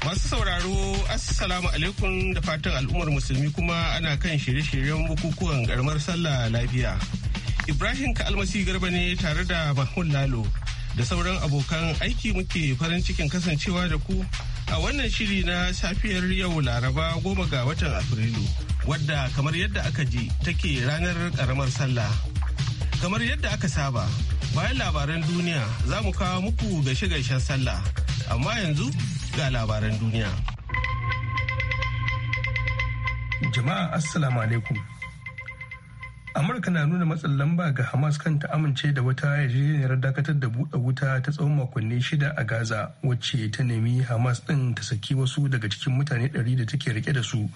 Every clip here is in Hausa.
Masu sauraro, Assalamu alaikum da fatan al'ummar musulmi kuma ana kan shirye-shiryen bukukuwan garmar sallah lafiya. Ibrahim Kalmasi Garba ne tare da Mahmud Lalo da sauran abokan aiki muke farin cikin kasancewa da ku a wannan shiri na safiyar yau Laraba goma ga watan Afrilu, wadda kamar yadda aka je take ranar karamar sallah. Kamar yadda aka saba, bayan labaran duniya za mu kawo muku gaishe-gaishen sallah. amma yanzu ga labaran duniya. Jama'a Assalamu alaikum. Amurka na nuna matsin lamba ga Hamas kan ta amince da wata yarjejeniyar dakatar da buɗe wuta ta tsawon makonni shida a Gaza wacce ta nemi Hamas ɗin ta saki wasu daga cikin mutane ɗari da take rike da su.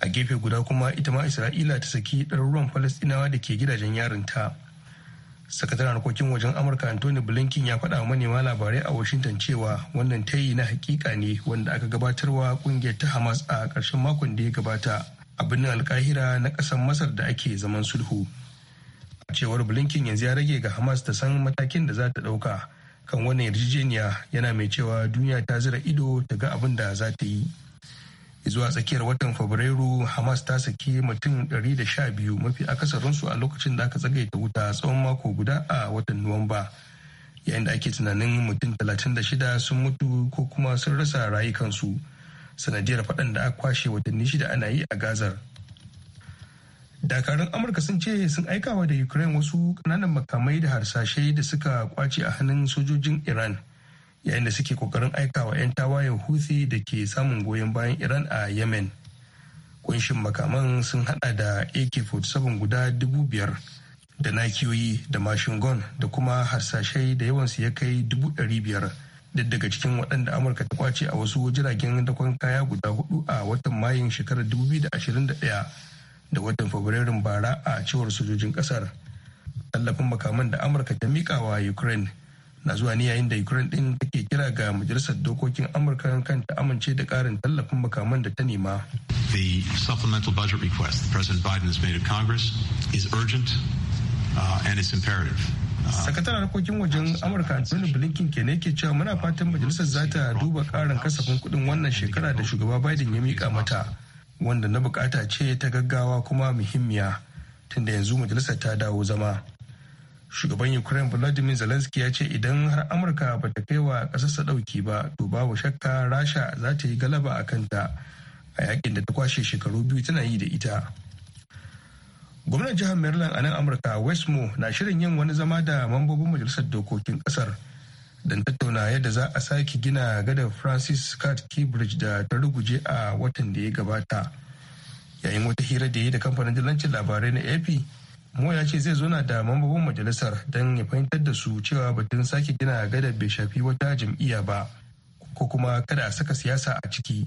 A gefe guda kuma ita ma Isra'ila ta saki ɗaruruwan Falasɗinawa da ke gidajen yarinta. ta. sakataren harkokin wajen amurka anthony blinken ya faɗa manema labarai a washington cewa wannan tayi na hakika ne wanda aka gabatarwa kungiyar ta hamas a ƙarshen makon da ya gabata a birnin alkahira na ƙasar masar da ake zaman sulhu a cewar blinken yanzu ya rage ga hamas ta san matakin da za ta ɗauka kan wannan yarjejeniya yana mai cewa duniya ta zira ido ta ga abin da za ta yi zuwa tsakiyar watan fabrairu hamas ta saki mutum 112 mafi akasarinsu a lokacin da aka tsagaita wuta tsawon mako guda a watan nuwamba yayin da ake tunanin mutum 36 sun mutu ko kuma sun rasa rayukansu sanadiyar faɗan da aka kwashe watanni shida ana yi a gazar dakarun amurka sun ce sun aikawa da ukraine wasu ƙananan makamai da harsashe da suka kwace a hannun sojojin iran yayin da suke kokarin wa 'yan tawayen Houthi da ke samun goyon bayan Iran a Yemen. Kunshin makaman sun hada da AK-47 guda dubu biyar da nakiyoyi da mashin gun da kuma harsashai da yawansu ya kai dubu duk daga cikin waɗanda Amurka ta kwace a wasu jiragen dakon kaya guda hudu a watan Mayun shekarar 2021 da watan Fabrairun bara a cewar sojojin ƙasar. Tallafin makaman da Amurka ta mikawa wa Ukraine na zuwa ne yayin da ukraine din take kira ga majalisar dokokin amurka kan ta amince da karin tallafin makaman da ta nema the supplemental budget request president biden has made of congress is urgent uh, and it's imperative uh, sakataren harkokin wajen amurka anthony blinken ke ne ke cewa muna fatan majalisar za ta duba karin kasafin kudin wannan shekara da shugaba biden ya mika mata wanda na bukata ce ta gaggawa kuma muhimmiya tunda yanzu majalisar ta dawo zama shugaban ukraine vladimir zelensky ya ce idan har amurka ba ta kai wa ƙasarsa ɗauki ba to babu shakka rasha za ta yi galaba a kanta a yakin da ta kwashe shekaru biyu tana yi da ita gwamnan jihar maryland a nan amurka westmo na shirin yin wani zama da mambobin majalisar dokokin kasar don tattauna yadda za a sake gina gadar francis scott keybridge da ta ruguje a watan da ya gabata yayin wata hira da ya yi da kamfanin dillancin labarai na ap Mo ya ce zai zo na da mambobin majalisar don ya fahimtar da su cewa batun sake gina gadar bai shafi wata jam'iyya ba ko kuma kada a saka siyasa a ciki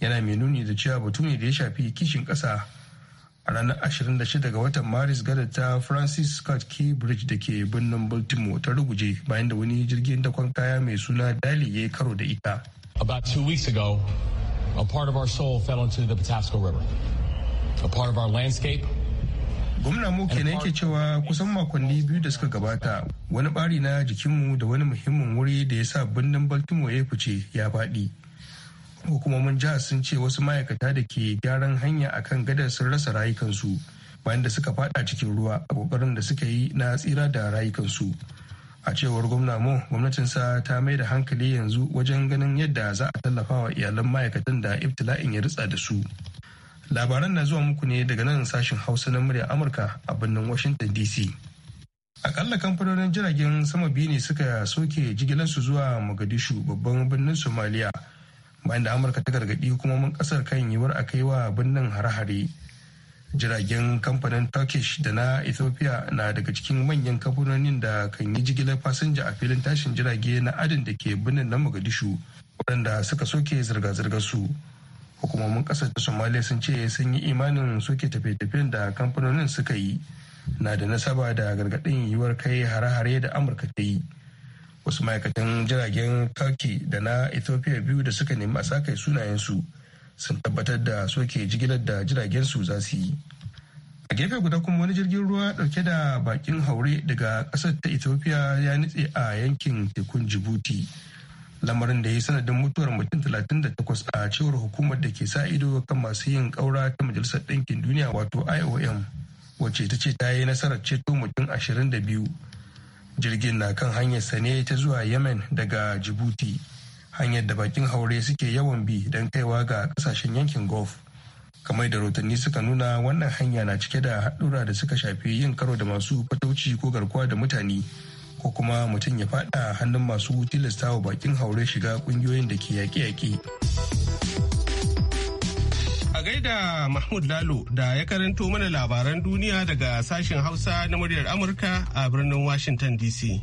yana mai nuni da cewa batu ne da ya shafi kishin kasa. a ranar 26 ga watan maris gadar ta francis scott key bridge da ke birnin baltimore ta ruguje bayan da wani jirgin dakon kaya mai suna dali ya karo da ita about two weeks ago a part of our soul fell into the patasco river a part of our landscape gwamna mu kenan yake cewa kusan makonni biyu da suka gabata wani bari na jikinmu da wani muhimmin wuri da ya sa birnin baltimore ya fice ya faɗi hukumomin jihar sun ce wasu ma'aikata da ke gyaran hanya a kan gadar sun rasa rayukansu bayan da suka fada cikin ruwa a kokarin da suka yi na tsira da rayukansu a cewar gwamna mo gwamnatinsa ta mai da hankali yanzu wajen ganin yadda za a tallafa wa iyalan ma'aikatan da ibtila'in ya ritsa da su labaran na zuwa muku ne daga nan sashen hausa na murya amurka a birnin washington dc akalla kamfanonin jiragen sama biyu ne suka soke su zuwa magadishu babban birnin somaliya bayan da amurka ta gargaɗi hukumomin ƙasar kan yiwuwar a kaiwa wa birnin hare-hare jiragen kamfanin turkish da na ethiopia na daga cikin manyan kamfanonin da kan yi jigilar fasinja a filin tashin jirage na adin da ke birnin na mogadishu waɗanda suka soke zirga-zirgar su hukumomin kasar ta somaliya sun ce sun yi imanin soke tafiye-tafiyen da kamfanonin suka yi na da nasaba da gargaɗin yiwuwar kai hare-hare da amurka ta yi wasu ma'aikatan jiragen turkey da na ethiopia biyu da suka nemi a sakai sunayensu sun tabbatar da soke jigilar da jiragen su za su yi a gefe guda kuma wani jirgin ruwa dauke da bakin haure daga kasar ta ethiopia ya nitse a yankin tekun djibouti lamarin da ya yi sanadin mutuwar mutum 38 a cewar hukumar da ke sa ido kan masu yin ƙaura ta majalisar ɗinkin duniya wato iom wacce ta ce ta yi nasarar ceto mutum 22 jirgin na kan hanyar sane ta zuwa yemen daga jibuti hanyar da bakin haure suke yawan bi don kaiwa ga kasashen yankin gulf kamar da rotanni suka nuna wannan hanya na cike da haɗura da suka shafi yin karo da masu fatauci ko garkuwa da mutane ko kuma mutum ya fada hannun masu tilasta wa bakin haure shiga kungiyoyin da ke yaƙe-yaƙe. A gaida Mahmud Lalo da ya karanto mana labaran duniya daga sashen Hausa na muryar Amurka a birnin Washington DC.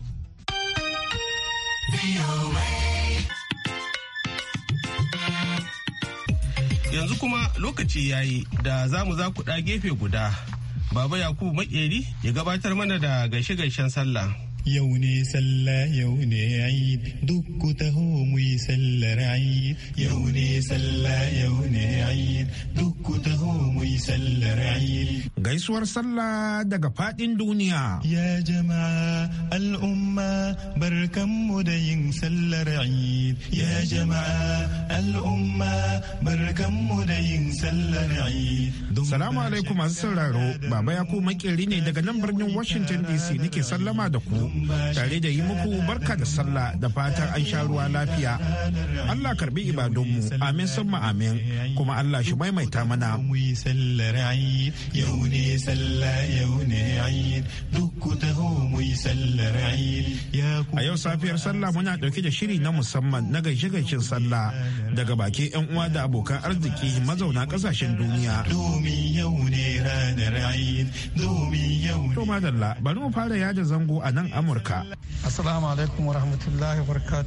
Yanzu kuma lokaci ya yi da za mu za ku gefe guda. Baba Yakubu Makeri ya gabatar mana da gaishe-gaishen sallah. يو ني سلا يو عيد دك تهو مي رعيد يو سلا يو عيد دك تهو مي رعيد gaisuwar sallah daga fadin duniya. Ya jama'a al'umma barkanmu da yin sallar Eid. Ya jama'a al'umma barkanmu da yin sallar Eid. Salamu alaikum masu sauraro, Baba ya ku makeri ne daga nan birnin Washington DC nake sallama da ku, tare da yi muku barka da sallah da fatan an sha ruwa lafiya. Allah karbi ibadunmu, amin sun amin, kuma Allah shi maimaita mana. ne ne a yau safiyar sallah muna dauke da shiri na musamman na gaishe-gaishen sallah daga baki yan uwa da abokan arziki mazauna kasashen duniya domin yau madalla bari mu fara yada zango a nan amurka assalamu alaikum wa rahmatullahi wa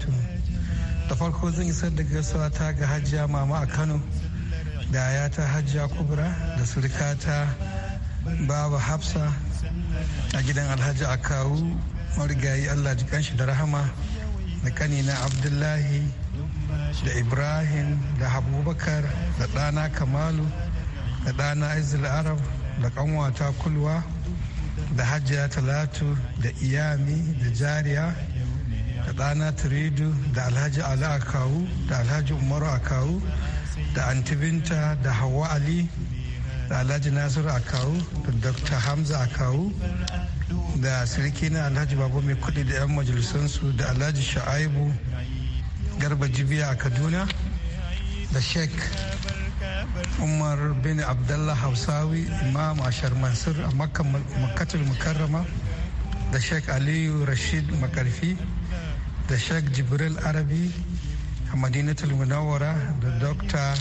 da farko zan isar da gaisuwa ta ga hajiya mama a kano da ya ta hajiya kubra da surikata baba hafsa a gidan alhaji akawu marigayi allah jikanshi da rahama da kanina abdullahi da ibrahim da abubakar da ɗana kamalu da ɗana izil arab da ƙanwata kulwa da hajiya talatu da iyami da jariya da ɗana turidu da alhaji ali akawu da alhaji umaru akawu da antibinta da hawa ali da alhaji nasiru akawu da dr hamza akawu da sarki na alhaji babu mai kudi da 'yan majalisansu da alhaji sha'aibu garba jibiya a kaduna da sheikh umar bin abdullah hausawi imam ashar mansur a makkatul mukarrama da sheikh aliyu rashid makarfi da sheikh jibril arabi a madinatul munawara da dr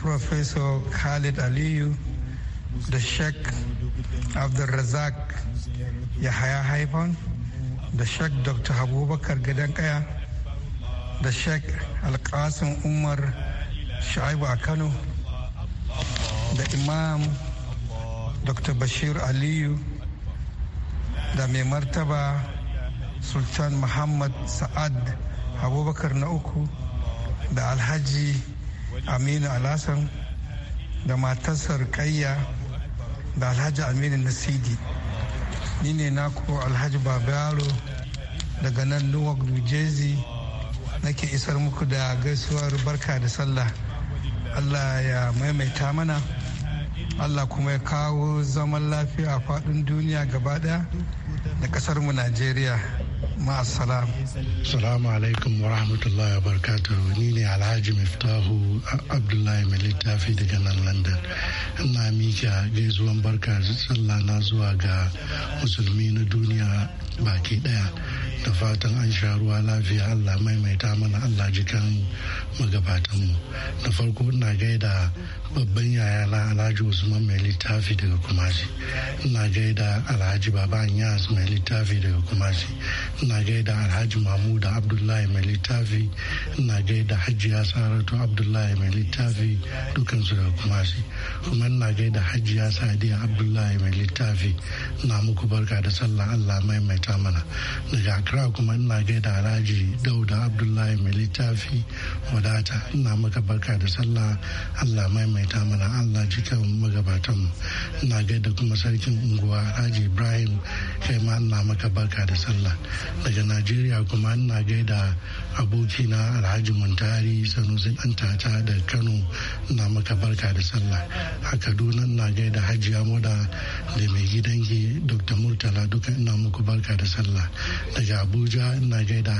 professor khalid aliyu da sheikh abdulrazak yahaya haifan da sheikh dr abubakar gidan kaya da sheikh alkasin umar shaibu a kano da imam dr bashir aliyu da mai martaba sultan muhammad sa'ad abubakar na uku da alhaji aminu alhassan da matarsa Rukayya da alhaji aminu nasidi ni ne na nako alhaji babaro daga nan newark new jersey nake isar muku da gaisuwar barka da sallah allah ya maimaita mana allah kuma ya kawo zaman lafiya a faɗin duniya gaba ɗaya da ƙasarmu najeriya ma'asalam salamu alaikum wa rahmatullahi wa barakatuhu ni ne alhaji miftahu abdullahi mai littafi daga nan london ina mika gaisuwan barka sallah na zuwa ga musulmi na duniya baki daya da fatan an sha ruwa lafiya allah maimaita mana allah jikan magabatanmu da farko ina gaida babban yaya na alhaji usman mai littafi daga kumasi ina gaida alhaji baba yas mai littafi daga kumasi ina gaida alhaji mahmud abdullahi mai littafi ina gaida hajiya saratu abdullahi mai littafi dukansu daga kumasi kuma ina gaida hajiya sadiya abdullahi mai littafi na muku barka da sallah allah maimaita mana daga accra kuma ina gaida alhaji dauda abdullahi mai littafi wadata ina maka barka da sallah allah maimaita mana allah jikan magabatan ina gaida kuma sarkin unguwa alhaji ibrahim kai ma ina maka barka da sallah daga najeriya kuma ina gaida abokina alhaji muntari sanusi dan tata da kano ina maka barka da sallah a kaduna ina gaida hajiya moda da mai gidanki dr murtala duka ina muku barka da sallah daga abuja ina gaida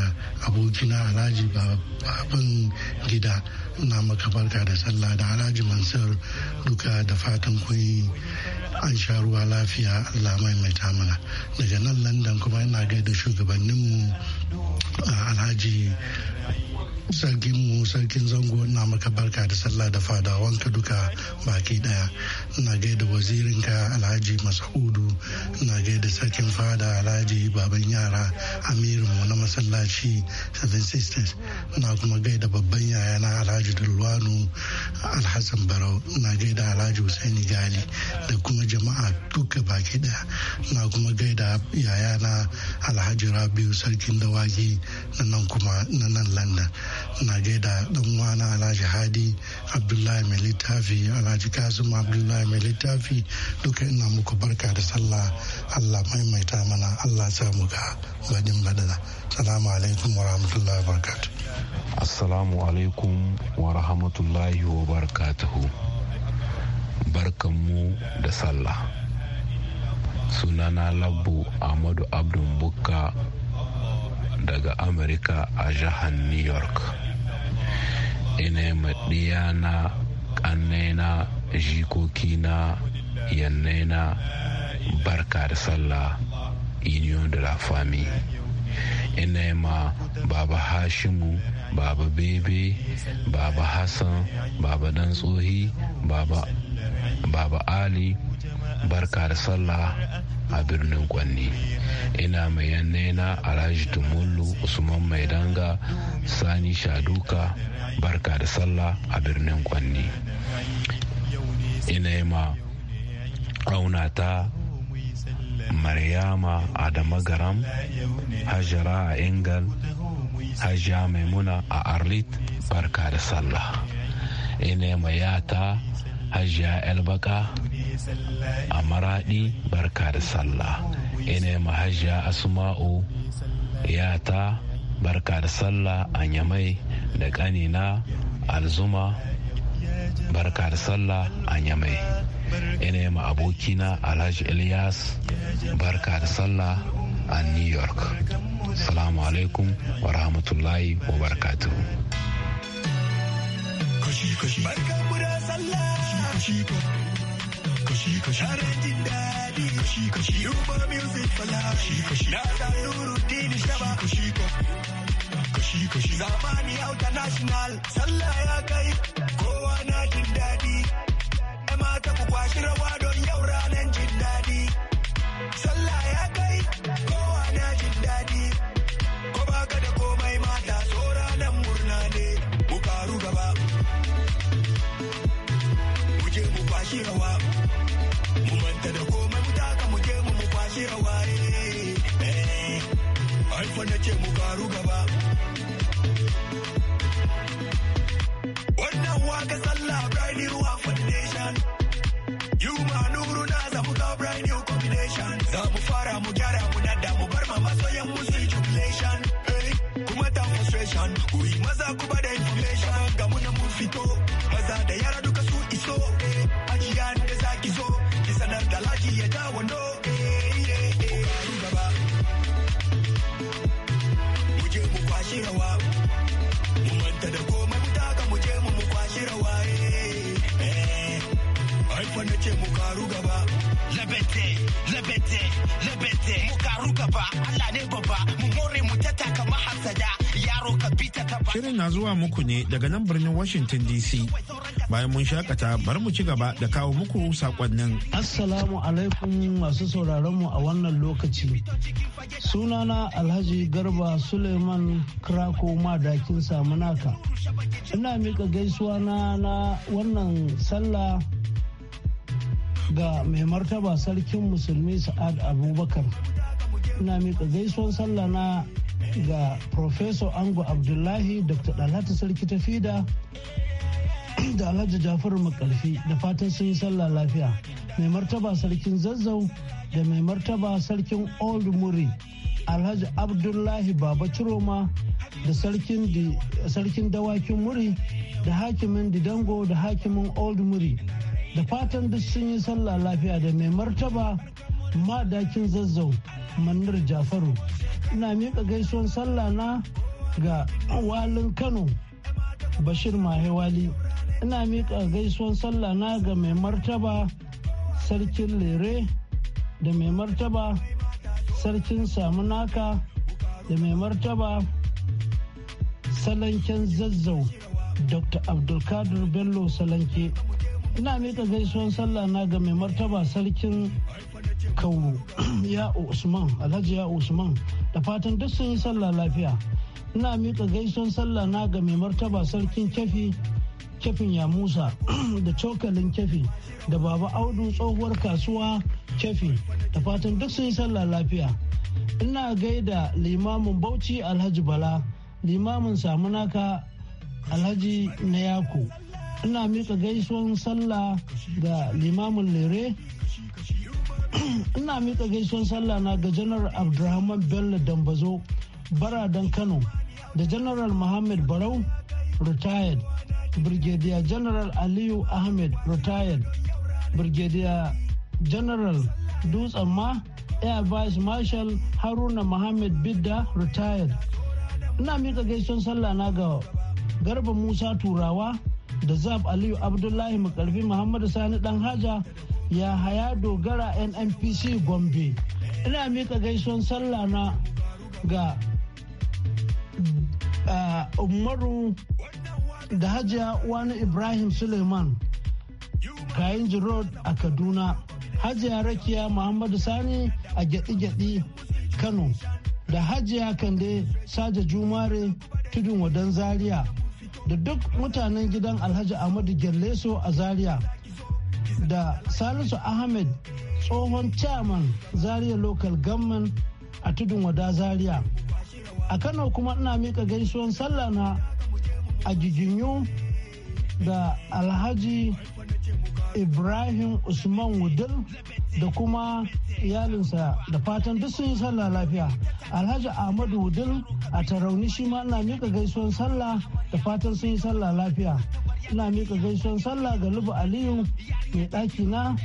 abokina alhaji baban gida na maka barka da sallah da alhaji mansur duka da fatan kun an sha ruwa lafiya allah mai mana daga nan Landan kuma ina gaida shugabanninmu alhaji sarkin mu sarkin zango na maka barka da sallah da fadawanka duka baki daya na gaida wazirin ka alhaji masahudu na gaida sarkin fada alhaji baban yara amirin mu na masallaci seven sisters na kuma gaida babban yaya na alhaji dulwanu alhassan barau na gaida alhaji husaini gali da kuma jama'a duka baki daya na kuma gaida yaya na alhaji rabiu sarkin dawaki na nan kuma na nan landa na gaida dan wana alhaji hadi abdullahi mai littafi alhaji kasim abdullahi mai littafi duka ina muku barka da sallah allah maimaita mana allah sa ga badin badala salamu alaikum wa rahmatullahi wa barakatuh assalamu alaikum wa rahmatullahi wa wabarakatuhu mu da sallah sunana labbu ahmadu abdul bukka daga amurka a jihar new york ina maɗiya na ƙannena jikokina yannena barka da sallah union de la famille ina ma baba hashimu baba bebe baba hassan baba dan tsohi baba baba ali barka da sallah a birnin kwanni ina mai yannena alhaji tumullu usman mai danga sani shaduka barka da sallah a birnin kwanni ina ma ta maryama adama garam hajara a ingal hajiya maimuna a arlit barka da sallah ya mayata hajiya elbaka a maradi barka da sallah Ine mahajiya asuma'u yata barka da sallah a nyamai da ƙanina alzuma barka da sallah a nyamai ina ma abokina alhaji ilyas barka da sallah a new york salamu alaikum wa rahmatullahi wa barakatuhu barka da sallah kashi kashi tare jin daɗi kashi kashi rumba music fala kashi na da nuru dini kashi kashi zamani international sallah ya kai kowa na jin daɗi kwashi rawa don yau ranar jin daɗi. kawo brand new combination za mu fara mu gyara mu nada mu bar ma masoyan mu su jubilation eh, kuma ta frustration ku yi maza ku ba Shirin na zuwa muku ne daga nan birnin Washington DC. Bayan mun shakata bar mu ci gaba da kawo muku sakonnin. Assalamu alaikum masu sauraron mu a wannan lokaci. Sunana Alhaji Garba Suleiman Krako Madakin Samunaka. Ina mika gaisuwa na wannan sallah ga mai martaba sarkin musulmi Sa'ad Abubakar. Ina mika gaisuwan sallah na ga Professor Ango Abdullahi Dr. Dalata Sarki Tafida da Alhaji Jafaru Makarfi da fatan sun yi sallah lafiya. Mai martaba sarkin zazzau da mai martaba sarkin Old Muri Alhaji Abdullahi Baba Ciroma da sarkin dawakin muri da hakimin Didango da hakimin Old Muri. Da fatan duk sun yi sallah lafiya da mai martaba madakin zazzau Manar Jafaru ina miƙa gaisuwan sallah na ga walin kano bashir mahewali ina miƙa gaisuwan sallah na ga mai martaba sarkin lere da mai martaba sarkin samunaka da mai martaba salanken zazzau dr abdulkadir bello salanke ina miƙa gaisuwan sallah na ga mai martaba sarkin kauru ya usman alhaji ya usman da fatan duk sun yi sallah lafiya ina miƙa gaisuwan sallah na ga mai martaba sarkin kefi kefin ya musa da cokalin kefi da baba audu tsohuwar kasuwa kefi da fatan duk sun yi sallah lafiya ina gaida limamin bauchi alhaji bala limamin samunaka alhaji na yako ina miƙa gaisuwan sallah ga limamin lere ina mika gaisuwar sallah na ga janar abdulrahman bello dambazo baradan kano da janaral muhammad barau retired brigadier general aliyu ahmed retired brigadier general dutsen ma air vice marshal haruna muhammad bidda retired ina mika gaisuwar sallah na ga garba musa turawa da zab aliyu abdullahi mukarfi muhammadu sani dan haja ya haya dogara nnpc gombe ina mika gaison sallah na ga umaru da hajiya wani ibrahim suleiman kayan road a kaduna hajiya rakiya muhammadu sani a gyaɗi-gyaɗi kano da hajiya kande saja jumare tudun wadan zaria da duk mutanen gidan alhaji ahmadu gyalleso a zaria da salisu ahmed tsohon chairman zaria local government a tudun wada zaria a kano kuma ina mika gaisuwan sallah na a da alhaji ibrahim usman wudil da kuma iyalinsa da fatan duk sun yi sallah lafiya alhaji ahmadu wudil a tarauni shi ma ina mika gaisuwan sallah da fatan sun yi sallah lafiya ina mika gaisuwan sallah ga lubu aliyu mai ɗaki na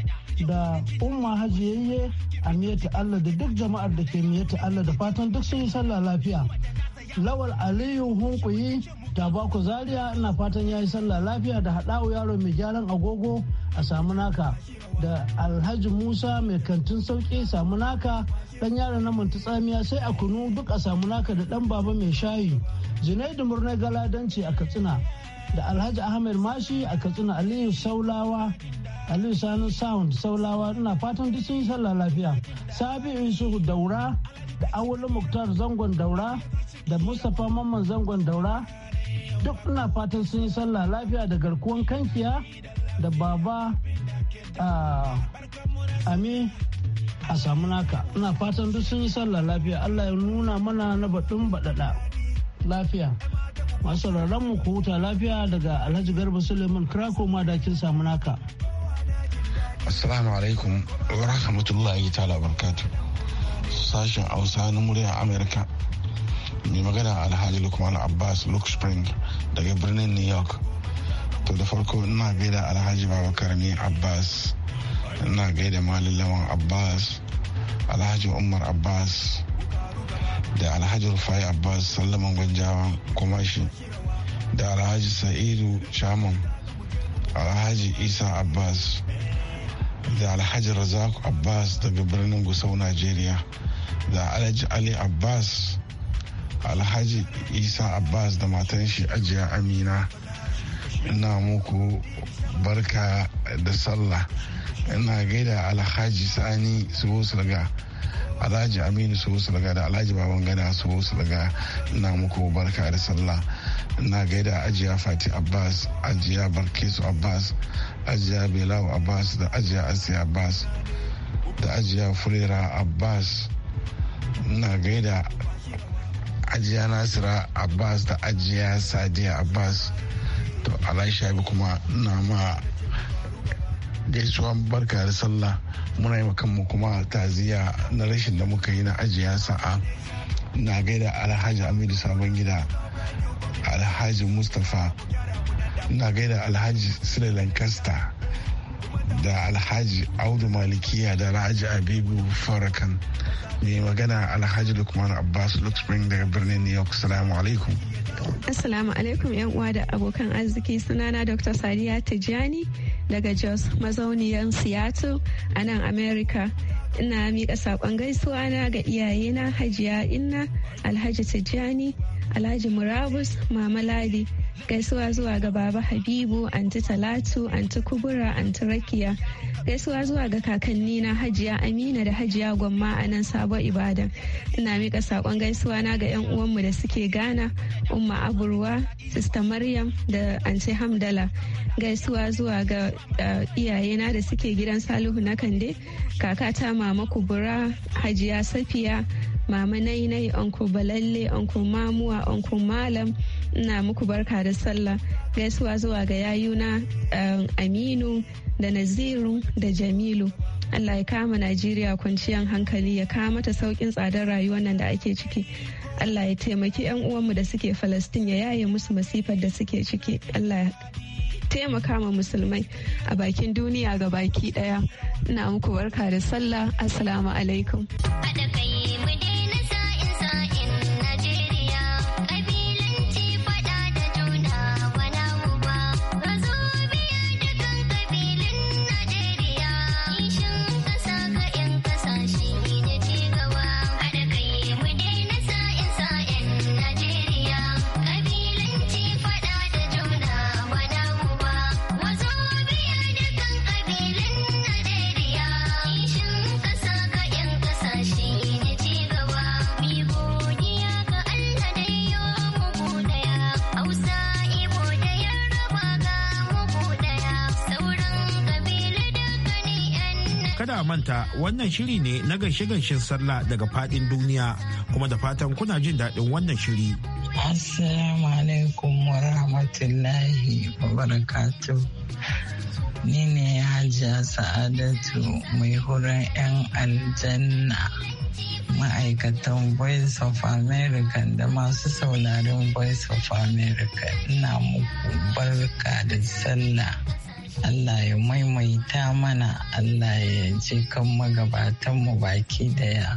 da umma hajiyayye a miyata allah da duk jama'ar da ke miyata allah da fatan duk sun yi sallah lafiya lawal aliyu hunkuyi baku zaria ina fatan yayi sallah lafiya da haɗawu yaro mai gyaran agogo a samu naka da alhaji musa mai kantin sauki samu naka dan yaro na manta tsamiya sai a kunu duk a samu naka da dan baba mai shayi junaidu murnar galadanci a katsina da alhaji ahmed mashi a katsina aliyu saulawa aliyu sanu sound saulawa ina fatan duk sun yi sallah lafiya sabi isuhu daura da awolu muktar zangon daura da mustapha mamman zangon daura duk ina fatan sun yi sallah lafiya da garkuwan kankiya da baba ami a samu naka ina fatan duk sun yi sallah lafiya allah ya nuna mana na baɗin baɗaɗa lafiya masu mu ku huta lafiya daga alhaji garba suleiman krako madakin samu naka assalamu alaikum wa rahmatullahi ta'ala barkatu sashen hausa na muryar Amerika. mai magana alhaji lukman abbas luke spring daga birnin new york to da farko ina gaida alhaji babakar ne abbas ina gaida malin abbas alhaji umar abbas da alhaji rufai abbas sallaman gwanjawan shi da alhaji sa'idu shaman alhaji isa abbas da alhaji razak abbas daga birnin gusau nigeria da alhaji ali abbas alhaji isa abbas da matan shi ajiya amina ina muku barka da sallah ina gaida alhaji sani subo sulga alhaji aminu subo sulga da alhaji baban gada subo sulga ina muku barka da sallah ina gaida ajiya fati abbas ajiya barkesu abbas ajiya belawo abbas da ajiya asiya abbas da ajiya furera abbas na gaida ajiya nasira abbas da ajiya sadiya abbas to bi kuma na ma gaisuwan barka da sallah muna yi kanmu kuma taziya na rashin da muka yi na ajiya sa'a na gaida alhaji amiru sabon gida alhaji mustapha na gaida alhaji sule lancaster da alhaji audu malikiya da alhaji abibu farakan mai magana alhaji lukman abbas luke spring daga birnin new york salamu alaikum assalamu alaikum yan uwa da abokan arziki sunana dr sadiya tijani daga jos mazauniyar siyatu a nan america ina miƙa saƙon gaisuwa na ga iyayena hajiya inna alhaji tijjani alhaji murabus mama ladi gaisuwa zuwa ga baba habibu anti talatu anti kubura anti rakiya Gaisuwa zuwa ga kakanni na Hajiya Amina da Hajiya Gwamma a nan Sabon Ibadan. Ina mika sakon gaisuwa na ga 'yan uwanmu da suke gana Umma Aburwa, Sista Maryam da Ance Hamdala. Gaisuwa zuwa ga eh, iyayena da suke gidan Salihu na Kande, kakata Mama Kubura, Hajiya Safiya, Mama Nainai, Anko Balalle, Anko Mamuwa, Anko Malam. Ina muku barka da sallah. Gaisuwa zuwa ga yayuna eh, Aminu. da naziru da jamilu allah ya kama najeriya kwanciyar hankali ya kama mata saukin tsadar rayuwar nan da ake ciki allah ya taimaki 'yan uwanmu da suke falastin ya yaye musu masifar da suke ciki allah ya taimaka ma musulmai a bakin duniya ga baki daya ina muku barka da sallah assalamu alaikum kada manta wannan shiri ne na gaishe-gaishen sallah daga fadin duniya kuma da fatan kuna jin daɗin wannan shiri. Assalamu alaikum wa rahmatullahi wa barakatu. Ni ne Sa'adatu mai horon 'yan aljanna. ma'aikatan voice of america da masu saurarin voice of america ina muku barka da sallah Allah ya maimaita mana Allah ya je kan magabatanmu baki daya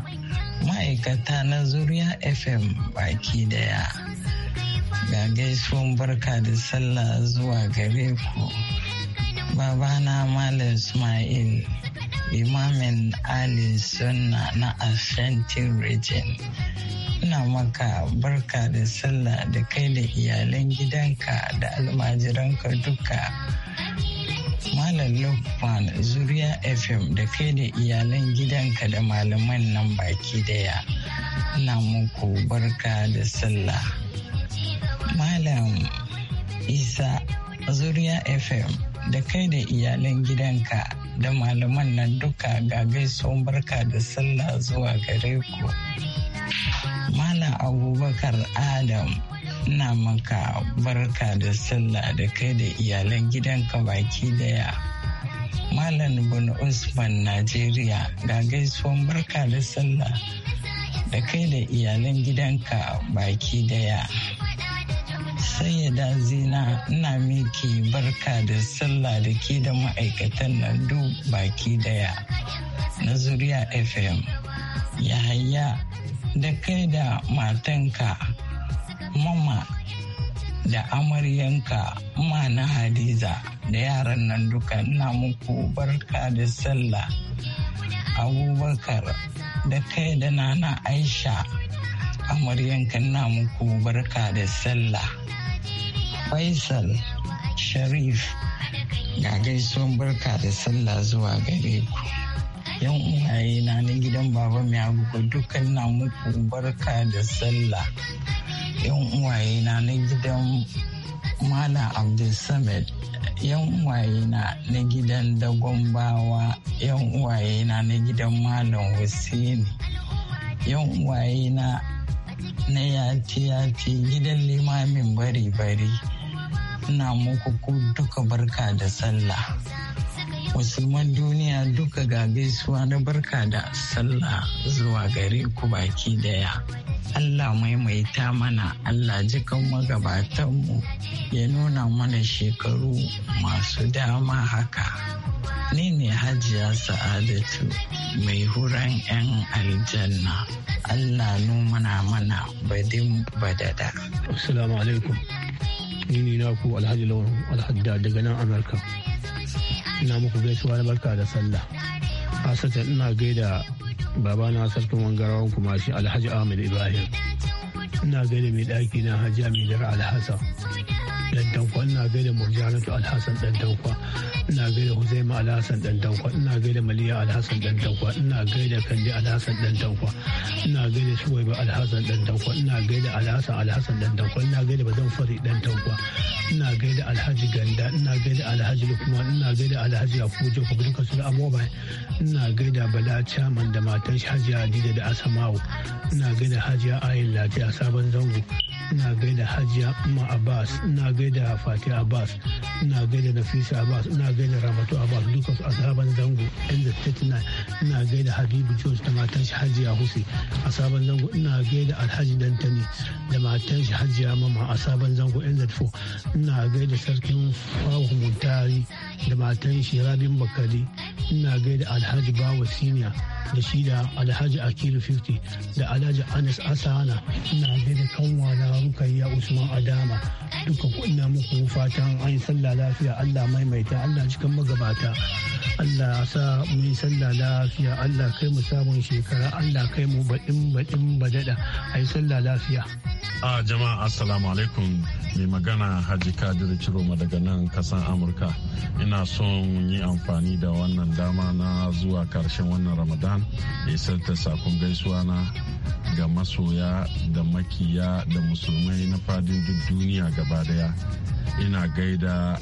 ma'aikata na zuriya fm baki daya ga gaisuwan barka da sallah zuwa gare ku babana malam ismail imamin ali sunna na ashantin region ina maka barka da sallah da kai da iyalan gidanka da almajiranka duka Malam Lukman Zuriya FM da kai da iyalan gidanka da malaman nan baki daya. Ina muku barka da sallah. Malam Isa Zuriya FM da kai da iyalan gidanka da malaman nan duka ga gaisuwan barka da sallah zuwa gare ku. Malam Abubakar Adam ina maka barka da sallah da kai da iyalan gidanka baki daya malam bin usman najeriya ga gaisuwan barka da sallah da kai da iyalan gidanka baki daya sayyada zina ina miki barka da sallah da ke da ma'aikatan nan duk baki daya na zuriya fm yahaya da kai da matanka mama da amaryanka na hadiza da yaran nan duka ina muku barka da sallah abubakar da kai da nana aisha amaryanka ina muku barka da sallah faisal sharif ga gaisuwan barka da sallah zuwa gare ku yan uwaye na gidan baba mai agogo dukkan na muku barka da sallah yan uwaye na na gidan mala abdulsamid yan uwaye na na gidan dagon yan uwaye na na gidan malam hussein yan uwaye na na yati-yati gidan limamin bari-bari ina muku ku duka barka da sallah musulman duniya duka ga gaisuwa na barka da sallah zuwa gare ku baki daya Allah maimaita mana Allah jikan magabatanmu ya nuna mana shekaru masu dama haka. Ni ne hajiya sa'adatu mai huran 'yan aljanna. Allah numana mana badin badada. Assalamu alaikum. Ni ne na ku alhaji lawan alhadda daga nan Amurka. Ina muku gaisuwa na barka da sallah. Asata ina gaida babana sarkin wangarawan kuma shi alhaji ahmed ibrahim ina gaida mai ɗaki na hajji amidar alhassan dan tankwa ina gaida murjanatu alhassan dan tankwa ina gaida huzaima alhassan dan tankwa ina gaida maliya alhassan dan tankwa ina gaida Kande alhassan dan tankwa ina gaida shuwaiba alhassan dan tankwa ina gaida alhassan alhassan dan tankwa ina gaida bazan fari dan tankwa ina gaida alhaji ganda ina gaida alhaji lukman ina gaida alhaji yakubu jacob duka su da mobile ina gaida bala chaman da matar hajiya hadida da asamawu ina gaida hajiya ayin lafiya sabon zango ina gaida hajiya umma abbas ina gaida fati abbas na gaida nafisa abbas ina gaida ramatu abbas dukansu asaban zango yan da na ina gaida habibu george da matan shi hajiya husi asaban zango ina gaida alhaji dantani da matan shi hajiya mama asaban zango yan da ina gaida sarkin fahimtari da matan shi rabin bakari ina gaida alhaji bawa siniya da shi da alhaji akilu 50 da alhaji anas asana ina gaida kanwa na rukayya usman adama duka ku ina muku fatan an yi sallah lafiya allah maimaita allah cikin magabata allah sa mu yi sallah lafiya allah kai mu samun shekara allah kai mu baɗin baɗin badada a yi sallah lafiya a jama'a assalamu alaikum mai magana haji kadir ciroma daga nan kasan amurka ina son yi amfani da wannan wannan dama na zuwa karshen wannan ramadan ya isar sakon gaisuwa na ga masoya da makiya da musulmai na fadin duk duniya gaba daya ina gaida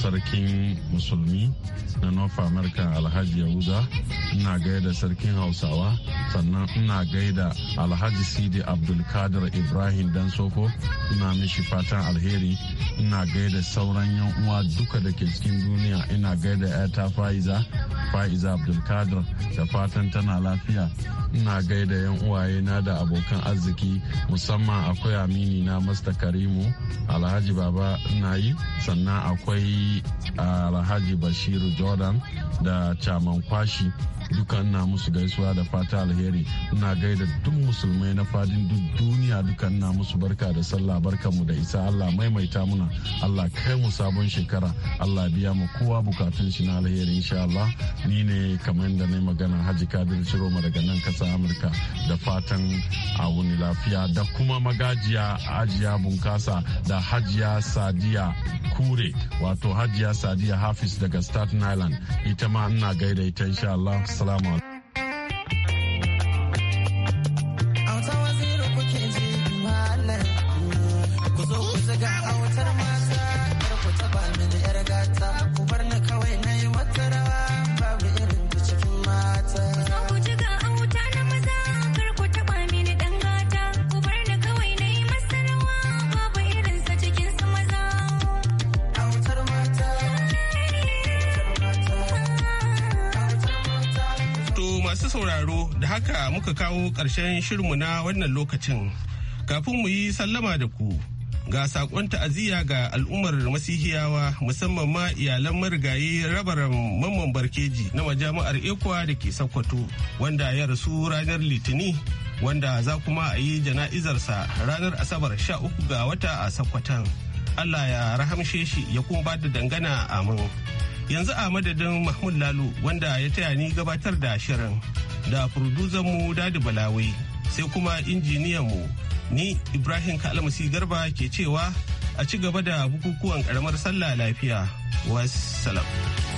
sarkin musulmi na north america alhaji yahuza ina gaida sarkin hausawa sannan ina gaida alhaji sidi abdulkadir ibrahim dan soko ina mishi fatan alheri ina gaida sauran yan uwa duka da ke cikin duniya ina gaida yata fa'iza fa'iza abdulkadir da fatan tana lafiya ina gaida yan uwaye na da abokan arziki musamman akwai amini na masta karimu alhaji baba yi sannan akwai alhaji bashiru jordan da caman kwashi duka ina musu gaisuwa da fata alheri ina gaida duk musulmai na fadin duk duniya duka ina musu barka da sallah barka mu da isa Allah maimaita muna Allah kai mu sabon shekara Allah biya mu kowa bukatun shi na alheri insha Allah ni ne kamar da na magana Haji Kadir Shiroma daga nan kasa Amurka da fatan a wuni lafiya da kuma magajiya ajiya Bunkasa da Hajiya Sadiya Kure wato Hajiya Sadiya Hafiz daga Staten Island ita ma ina gaida ita insha Allah Assalamu alaikum. masu sauraro da haka muka kawo ƙarshen shirinmu na wannan lokacin. Kafin mu yi sallama da ku, ga saƙon ta'aziyya ga al'ummar masihiyawa musamman ma iyalan marigayi rabaran mamman barkeji na majami'ar ekwa da ke sokoto wanda ya rasu ranar litini wanda za kuma a yi jana'izarsa ranar asabar sha uku ga wata a sokoton allah ya rahamshe shi ya kuma ba da dangana amin yanzu a madadin mahmud lalo wanda ya taya ni gabatar da shirin da mu dadi balawai sai kuma injiniyan mu ni ibrahim kalmasi garba ke cewa a ci gaba da bukukuwan karamar sallah lafiya wassalam.